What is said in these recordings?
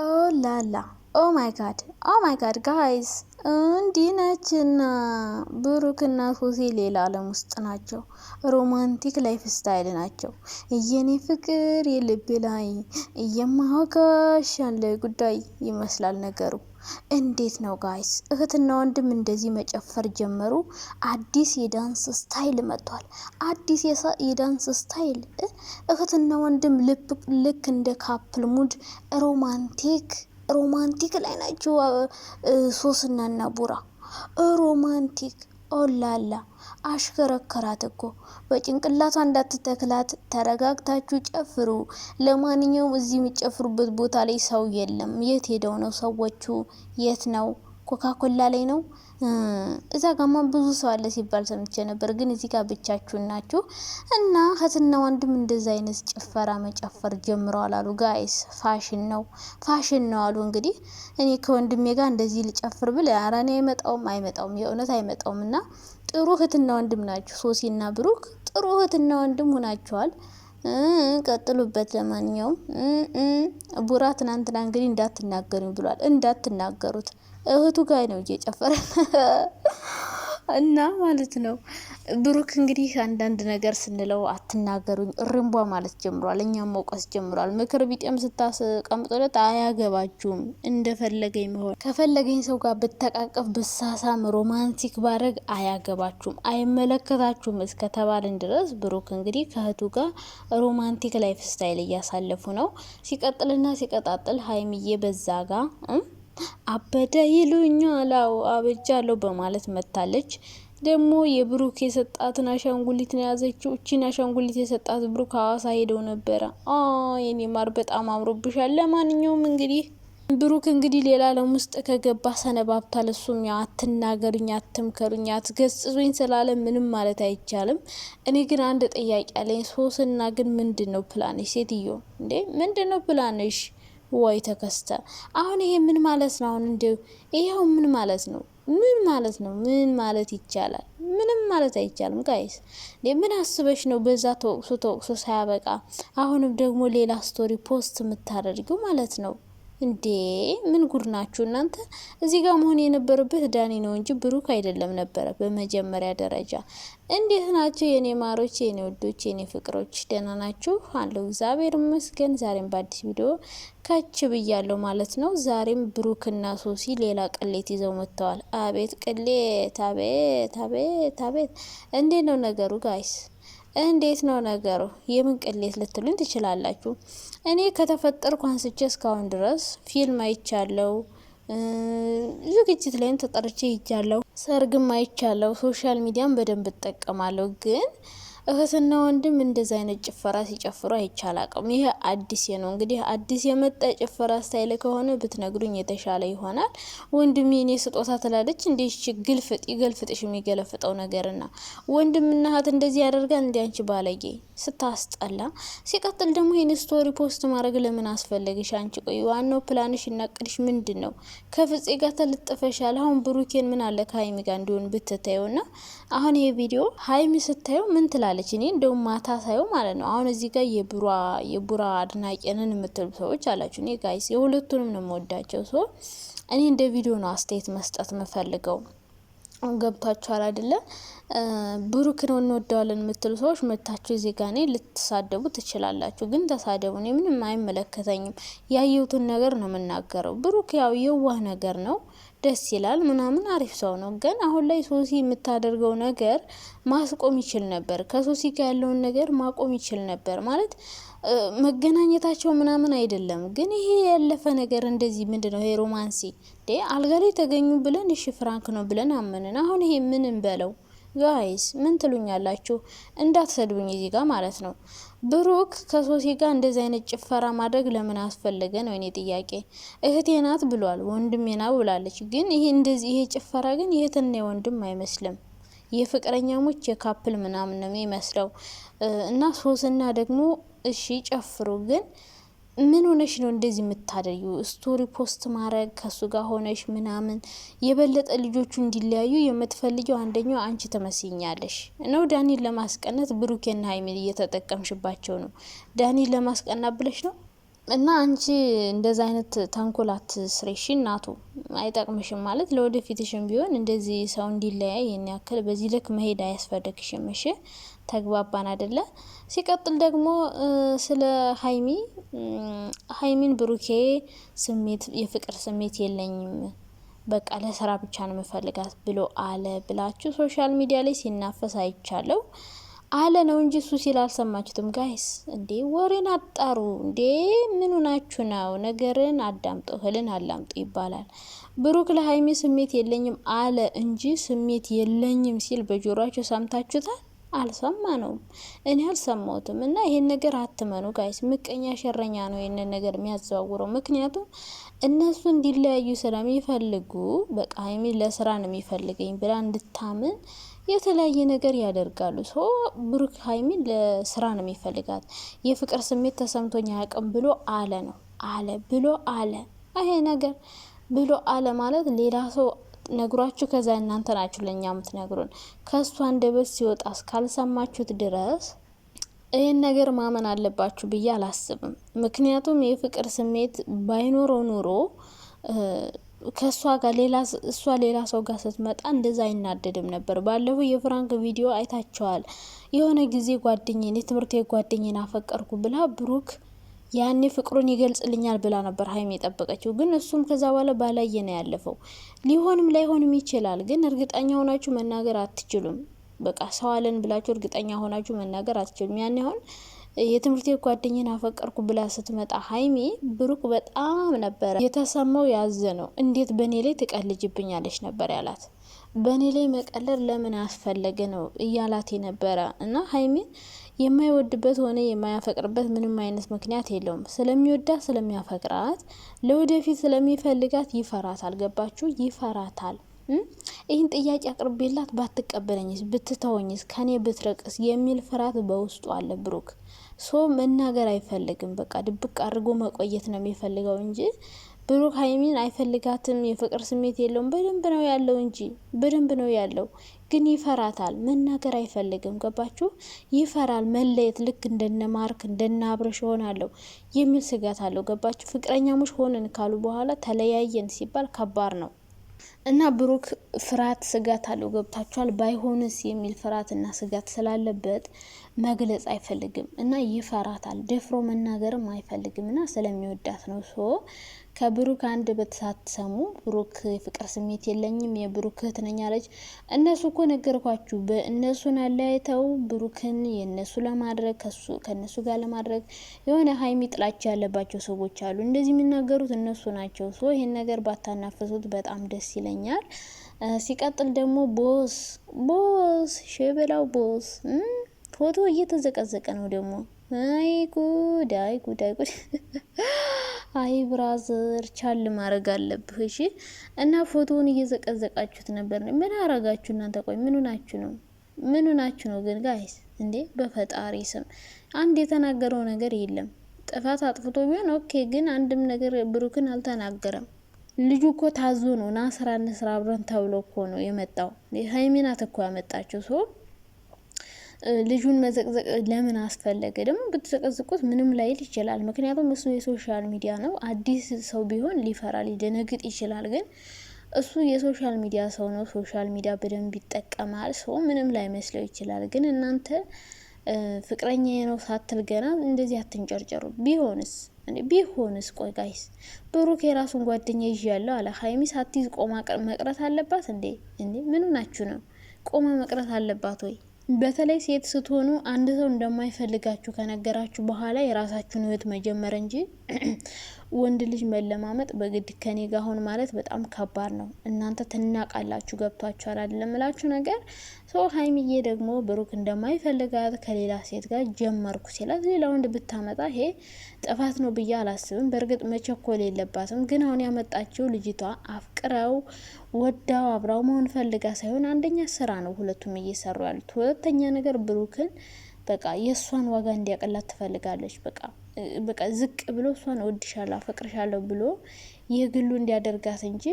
ኦ ላላ ኦ ማይ ጋድ ኦ ማይ ጋድ ጋይስ እንዲህ ነችና ብሩክና ሶሲ ሌላ አለም ውስጥ ናቸው። ሮማንቲክ ላይፍ ስታይል ናቸው። እየኔ ፍቅር የልብ ላይ እየማወጋሽ ያለ ጉዳይ ይመስላል ነገሩ። እንዴት ነው ጋይስ? እህትና ወንድም እንደዚህ መጨፈር ጀመሩ። አዲስ የዳንስ ስታይል መጥቷል። አዲስ የዳንስ ስታይል እህትና ወንድም ልክ እንደ ካፕል ሙድ ሮማንቲክ ሮማንቲክ ላይ ናቸው። ሶስናና ቡራ ሮማንቲክ ኦላላ አሽከረከራት እኮ በጭንቅላቷ እንዳትተክላት። ተረጋግታችሁ ጨፍሩ። ለማንኛውም እዚህ የሚጨፍሩበት ቦታ ላይ ሰው የለም። የት ሄደው ነው ሰዎቹ? የት ነው? ኮካኮላ ላይ ነው። እዛ ጋማ ብዙ ሰው አለ ሲባል ሰምቼ ነበር፣ ግን እዚህ ጋር ብቻችሁን ናችሁ። እና እህትና ወንድም እንደዛ አይነት ጭፈራ መጨፈር ጀምረዋል አሉ። ጋይስ ፋሽን ነው ፋሽን ነው አሉ። እንግዲህ እኔ ከወንድሜ ጋር እንደዚህ ልጨፍር ብል ኧረ አይመጣውም አይመጣውም፣ የእውነት አይመጣውም እና ጥሩ እህትና ወንድም ናችሁ። ሶሲና ብሩክ ጥሩ እህትና ወንድም ሆናችኋል። ቀጥሉበት። ለማንኛውም ቡራ ትናንትና እንግዲህ እንዳትናገሩኝ ብሏል። እንዳትናገሩት እህቱ ጋይ ነው እየጨፈረ እና ማለት ነው ብሩክ እንግዲህ አንዳንድ ነገር ስንለው አትናገሩኝ እርንቧ ማለት ጀምሯል። እኛም መውቀስ ጀምሯል። ምክር ቢጤም ስታስቀምጦለት አያገባችሁም፣ እንደፈለገኝ መሆን ከፈለገኝ ሰው ጋር ብተቃቀፍ፣ ብሳሳም፣ ሮማንቲክ ባረግ አያገባችሁም፣ አይመለከታችሁም እስከተባልን ድረስ ብሩክ እንግዲህ ከእህቱ ጋር ሮማንቲክ ላይፍ ስታይል እያሳለፉ ነው። ሲቀጥልና ሲቀጣጥል ሀይሚዬ በዛ ጋ አበደ ይሉኛል አብጃለሁ በማለት መታለች። ደግሞ የብሩክ የሰጣትን አሻንጉሊት ነው ያዘችው። እቺን አሻንጉሊት የሰጣት ብሩክ ሀዋሳ ሄደው ነበረ። የኔ ማር በጣም አምሮብሻል። ለማንኛውም እንግዲህ ብሩክ እንግዲህ ሌላ ዓለም ውስጥ ከገባ ሰነባብታ ለሱም ያ አትናገሩኝ፣ አትምከሩኝ፣ አትገስጹኝ ስላለ ምንም ማለት አይቻልም። እኔ ግን አንድ ጥያቄ አለኝ። ሶስና ግን ምንድን ነው ፕላንሽ? ሴትዮ እንዴ ምንድን ነው ፕላንሽ? ወይ ተከስተ አሁን ይሄ ምን ማለት ነው? አሁን እንዲ ይኸው ምን ማለት ነው? ምን ማለት ነው? ምን ማለት ይቻላል? ምንም ማለት አይቻልም። ጋይስ ምን አስበሽ ነው በዛ ተወቅሶ ተወቅሶ ሳያበቃ አሁንም ደግሞ ሌላ ስቶሪ ፖስት የምታደርገው ማለት ነው? እንዴ ምን ጉድ ናችሁ እናንተ! እዚህ ጋር መሆን የነበረበት ዳኒ ነው እንጂ ብሩክ አይደለም ነበረ። በመጀመሪያ ደረጃ እንዴት ናቸው የኔ ማሮች፣ የኔ ወዶች፣ የኔ ፍቅሮች? ደህና ናችሁ አለው። እግዚአብሔር ይመስገን ዛሬም በአዲስ ቪዲዮ ከች ብያለሁ ማለት ነው። ዛሬም ብሩክና ሶሲ ሌላ ቅሌት ይዘው መጥተዋል። አቤት ቅሌት! አቤት አቤት አቤት! እንዴት ነው ነገሩ ጋይስ? እንዴት ነው ነገሩ? የምን ቅሌት ልትሉኝ ትችላላችሁ። እኔ ከተፈጠርኩ አንስቼ እስካሁን ድረስ ፊልም አይቻለው፣ ዝግጅት ላይም ተጠርቼ ይጃለው፣ ሰርግም አይቻለው፣ ሶሻል ሚዲያም በደንብ እጠቀማለሁ ግን እህትና ወንድም እንደዚ አይነት ጭፈራ ሲጨፍሩ አይቻላቅም። ይህ አዲስ ነው እንግዲህ አዲስ የመጣ ጭፈራ ስታይል ከሆነ ብትነግሩኝ የተሻለ ይሆናል። ወንድም ኔ ስጦታ ትላለች እንዴ ግልፍጥ ይገልፍጥሽ የሚገለፍጠው ነገርና ወንድምና እህት እንደዚህ ያደርጋል እንዲ አንቺ ባለጌ ስታስጠላ። ሲቀጥል ደግሞ ይህን ስቶሪ ፖስት ማድረግ ለምን አስፈለግሽ? አንቺ ቆይ ዋናው ፕላንሽ እናቅድሽ ምንድን ነው? ከፍጼ ጋር ተልጥፈሻል። አሁን ብሩኬን ምን አለ ከሀይሚ ጋር እንዲሆን ብትታየውና አሁን ይሄ ቪዲዮ ሀይሚ ስታየው ምን ትላለች? ትላለች። እኔ እንደውም ማታ ሳየው ማለት ነው። አሁን እዚህ ጋር የቡራ አድናቂንን የምትሉ ሰዎች አላችሁ። እኔ ጋይስ የሁለቱንም ነው የምወዳቸው። ሰው እኔ እንደ ቪዲዮ ነው አስተያየት መስጠት የምፈልገው። ገብቷችኋል አይደለ? ብሩክ ነው እንወደዋለን የምትሉ ሰዎች መታችሁ እዚህ ጋር እኔ ልትሳደቡ ትችላላችሁ፣ ግን ተሳደቡ፣ እኔ ምንም አይመለከተኝም። ያየሁትን ነገር ነው የምናገረው። ብሩክ ያው የዋህ ነገር ነው ደስ ይላል ምናምን አሪፍ ሰው ነው። ግን አሁን ላይ ሶሲ የምታደርገው ነገር ማስቆም ይችል ነበር። ከሶሲ ጋር ያለውን ነገር ማቆም ይችል ነበር ማለት መገናኘታቸው ምናምን አይደለም። ግን ይሄ ያለፈ ነገር እንደዚህ ምንድን ነው ይሄ ሮማንሲ? አልጋ ላይ ተገኙ ብለን እሺ ፍራንክ ነው ብለን አመንን። አሁን ይሄ ምን እንበለው? ጋይስ ምን ትሉኛላችሁ? እንዳትሰድቡኝ እዚህ ጋር ማለት ነው። ብሩክ ከሶሲ ጋር እንደዚህ አይነት ጭፈራ ማድረግ ለምን አስፈለገ ነው እኔ ጥያቄ። እህቴ ናት ብሏል፣ ወንድሜ ናት ብላለች። ግን ይሄ እንደዚህ ይሄ ጭፈራ ግን የእህትና የወንድም አይመስልም። የፍቅረኛሞች የካፕል ምናምን ነው የሚመስለው። እና ሶስና ደግሞ እሺ ጨፍሩ ግን ምን ሆነሽ ነው እንደዚህ የምታደዩ? ስቶሪ ፖስት ማድረግ ከሱ ጋር ሆነሽ ምናምን የበለጠ ልጆቹ እንዲለያዩ የምትፈልጊው አንደኛው አንቺ ትመስኛለሽ ነው። ዳኒን ለማስቀናት ብሩኬና ሀይሚን እየተጠቀምሽባቸው ነው። ዳኒን ለማስቀናት ብለሽ ነው እና አንቺ እንደዚ አይነት ተንኮላት ስሬሽ እናቱ አይጠቅምሽም ማለት ለወደፊትሽም ቢሆን እንደዚህ ሰው እንዲለያይ ይህን ያክል በዚህ ልክ መሄድ አያስፈልግሽም። እሺ ተግባባን አደለ? ሲቀጥል ደግሞ ስለ ሀይሚ ሀይሚን ብሩኬ ስሜት የፍቅር ስሜት የለኝም በቃ ለስራ ብቻ ነው መፈልጋት ብሎ አለ ብላችሁ ሶሻል ሚዲያ ላይ ሲናፈስ አይቻለው። አለ ነው እንጂ እሱ ሲል አልሰማችሁትም ጋይስ። እንዴ ወሬን አጣሩ እንዴ ምኑ ናችሁ ነው? ነገርን አዳምጦ እህልን አላምጦ ይባላል። ብሩክ ለሀይሚ ስሜት የለኝም አለ እንጂ ስሜት የለኝም ሲል በጆሯቸው ሰምታችሁታል። አልሰማ ነውም እኔ አልሰማሁትም። እና ይሄን ነገር አትመኑ ጋይስ፣ ምቀኛ ሸረኛ ነው ይህንን ነገር የሚያዘዋውረው። ምክንያቱም እነሱ እንዲለያዩ ስለሚፈልጉ በቃ ሀይሚ ለስራ ነው የሚፈልገኝ ብላ እንድታምን የተለያየ ነገር ያደርጋሉ። ሶ ብሩክ ሀይሚ ለስራ ነው የሚፈልጋት የፍቅር ስሜት ተሰምቶኝ አያውቅም ብሎ አለ ነው አለ ብሎ አለ ይሄ ነገር ብሎ አለ ማለት ሌላ ሰው ነግሯችሁ ከዛ እናንተ ናችሁ ለእኛ የምትነግሩን። ከእሱ አንደበት ሲወጣ እስካልሰማችሁት ድረስ ይህን ነገር ማመን አለባችሁ ብዬ አላስብም። ምክንያቱም የፍቅር ስሜት ባይኖረው ኑሮ ከእሷ ጋር ሌላ እሷ ሌላ ሰው ጋር ስትመጣ እንደዛ አይናደድም ነበር። ባለፈው የፍራንክ ቪዲዮ አይታቸዋል። የሆነ ጊዜ ጓደኝን የትምህርት ጓደኝን አፈቀርኩ ብላ ብሩክ ያኔ ፍቅሩን ይገልጽልኛል ብላ ነበር ሀይሚ የጠበቀችው። ግን እሱም ከዛ በኋላ ባላየ ነው ያለፈው። ሊሆንም ላይሆንም ይችላል፣ ግን እርግጠኛ ሆናችሁ መናገር አትችሉም። በቃ ሰው አለን ብላችሁ እርግጠኛ ሆናችሁ መናገር አትችሉም። ያኔ አሁን የትምህርት ጓደኝን አፈቀርኩ ብላ ስትመጣ ሀይሚ ብሩክ በጣም ነበረ የተሰማው ያዘነው። እንዴት በእኔ ላይ ትቀልጅብኛለች ነበር ያላት። በእኔ ላይ መቀለር ለምን አስፈለገ ነው እያላት ነበረ እና ሀይሚ የማይወድበት ሆነ የማያፈቅርበት ምንም አይነት ምክንያት የለውም። ስለሚወዳት ስለሚያፈቅራት፣ ለወደፊት ስለሚፈልጋት ይፈራታል። ገባችሁ? ይፈራታል። ይህን ጥያቄ አቅርቤላት ባትቀበለኝስ፣ ብትተወኝስ፣ ከኔ ብትረቅስ የሚል ፍርሃት በውስጡ አለ። ብሩክ ሶ መናገር አይፈልግም። በቃ ድብቅ አድርጎ መቆየት ነው የሚፈልገው እንጂ ብሩክ ሀይሚን አይፈልጋትም። የፍቅር ስሜት የለውም። በደንብ ነው ያለው እንጂ በደንብ ነው ያለው። ግን ይፈራታል። መናገር አይፈልግም። ገባችሁ? ይፈራል መለየት። ልክ እንደነ ማርክ እንደነ አብረሽ ሆናለሁ የሚል ስጋት አለው። ገባችሁ? ፍቅረኛሞች ሆነን ካሉ በኋላ ተለያየን ሲባል ከባድ ነው እና ብሩክ ፍርሃት ስጋት አለው። ገብታችኋል? ባይሆንስ የሚል ፍርሃትና ስጋት ስላለበት መግለጽ አይፈልግም እና ይፈራታል። ደፍሮ መናገርም አይፈልግም እና ስለሚወዳት ነው። ሶ ከብሩክ አንድ ሰሙ ብሩክ የፍቅር ስሜት የለኝም የብሩክ እህት ነኝ አለች። እነሱ እኮ ነገርኳችሁ፣ በእነሱን አለያይተው ብሩክን የእነሱ ለማድረግ ከእነሱ ጋር ለማድረግ የሆነ ሀይሚ ጥላቻ ያለባቸው ሰዎች አሉ። እንደዚህ የሚናገሩት እነሱ ናቸው። ሶ ይህን ነገር ባታናፈሱት በጣም ደስ ይለኛል። ሲቀጥል ደግሞ ቦስ ቦስ ሽብላው ቦስ ፎቶ እየተዘቀዘቀ ነው ደግሞ። አይ ጉድ! አይ ጉድ! አይ ጉድ! አይ ብራዘር ቻል ማድረግ አለብህ። እሺ። እና ፎቶውን እየዘቀዘቃችሁት ነበር። ምን አረጋችሁ እናንተ? ቆይ ምኑ ናችሁ ነው? ምኑ ናችሁ ነው ግን ጋይስ? እንዴ በፈጣሪ ስም አንድ የተናገረው ነገር የለም። ጥፋት አጥፍቶ ቢሆን ኦኬ፣ ግን አንድም ነገር ብሩክን አልተናገረም። ልጁ እኮ ታዞ ነው ና ስራ እንስራ አብረን ተብሎ እኮ ነው የመጣው። ሀይሜ እኮ ያመጣቸው ሰው ልጁን መዘቅዘቅ ለምን አስፈለገ? ደግሞ ብትዘቀዝቁት ምንም ላይል ይችላል። ምክንያቱም እሱ የሶሻል ሚዲያ ነው። አዲስ ሰው ቢሆን ሊፈራ ሊደነግጥ ይችላል። ግን እሱ የሶሻል ሚዲያ ሰው ነው። ሶሻል ሚዲያ በደንብ ይጠቀማል። ሰው ምንም ላይ መስለው ይችላል። ግን እናንተ ፍቅረኛ ነው ሳትል ገና እንደዚህ አትንጨርጨሩ። ቢሆንስ ቢሆንስ ቆይ ጋይስ ብሩክ የራሱን ጓደኛ ይዤ ያለው አለ። ሀይሚ ሳትይዝ ቆማ መቅረት አለባት እንዴ? እንዴ ምኑ ናችሁ ነው? ቆማ መቅረት አለባት ወይ? በተለይ ሴት ስትሆኑ አንድ ሰው እንደማይፈልጋችሁ ከነገራችሁ በኋላ የራሳችሁን ህይወት መጀመር እንጂ ወንድ ልጅ መለማመጥ በግድ ከኔ ጋር አሁን ማለት በጣም ከባድ ነው። እናንተ ትናቃላችሁ፣ ገብቷችኋል አይደለም ነገር ሰው ሀይሚዬ ደግሞ ብሩክ እንደማይፈልጋት ከሌላ ሴት ጋር ጀመርኩ ሲላት ሌላ ወንድ ብታመጣ ይሄ ጥፋት ነው ብዬ አላስብም። በእርግጥ መቸኮል የለባትም ግን አሁን ያመጣችው ልጅቷ አፍቅረው ወዳው አብራው መሆን ፈልጋ ሳይሆን አንደኛ ስራ ነው ሁለቱም እየሰሩ ያሉት፣ ሁለተኛ ነገር ብሩክን በቃ የእሷን ዋጋ እንዲያቀላት ትፈልጋለች በቃ በቃ ዝቅ ብሎ እሷን እወድሻለሁ አፈቅርሻለሁ ብሎ የግሉ እንዲያደርጋት እንጂ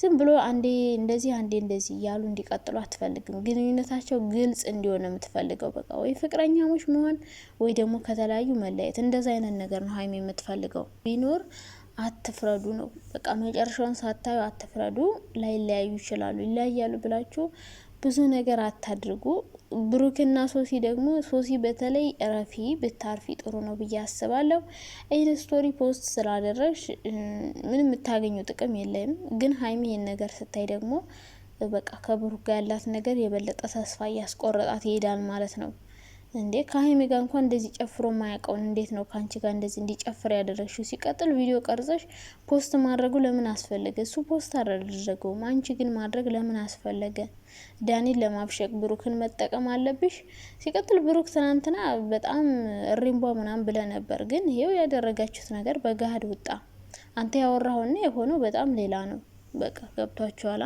ዝም ብሎ አንዴ እንደዚህ አንዴ እንደዚህ እያሉ እንዲቀጥሉ አትፈልግም። ግንኙነታቸው ግልጽ እንዲሆን የምትፈልገው በቃ ወይ ፍቅረኛሞች መሆን ወይ ደግሞ ከተለያዩ መለየት፣ እንደዚ አይነት ነገር ነው ሀይሚ የምትፈልገው። ቢኖር አትፍረዱ ነው በቃ መጨረሻውን ሳታዩ አትፍረዱ። ላይለያዩ ይችላሉ። ይለያያሉ ብላችሁ ብዙ ነገር አታድርጉ። ብሩክና ሶሲ ደግሞ ሶሲ በተለይ እረፊ ብታርፊ ጥሩ ነው ብዬ አስባለሁ። ይህን ስቶሪ ፖስት ስላደረግሽ ምንም የምታገኘው ጥቅም የለም። ግን ሀይሚ ይህን ነገር ስታይ ደግሞ በቃ ከብሩክ ጋር ያላት ነገር የበለጠ ተስፋ እያስቆረጣት ይሄዳል ማለት ነው። እንዴ ከሀይሚ ጋር እንኳን እንደዚህ ጨፍሮ ማያውቀውን እንዴት ነው ከአንቺ ጋር እንደዚህ እንዲጨፍር ያደረግሽው? ሲቀጥል ቪዲዮ ቀርጸሽ ፖስት ማድረጉ ለምን አስፈለገ? እሱ ፖስት አላደረገውም። አንቺ ግን ማድረግ ለምን አስፈለገ? ዳኒን ለማብሸቅ ብሩክን መጠቀም አለብሽ። ሲቀጥል ብሩክ ትናንትና በጣም እሪምቧ ምናምን ብለ ነበር፣ ግን ይሄው ያደረጋችሁት ነገር በገሀድ ውጣ። አንተ ያወራኸውና የሆነው በጣም ሌላ ነው። በቃ ገብቷችኋላ።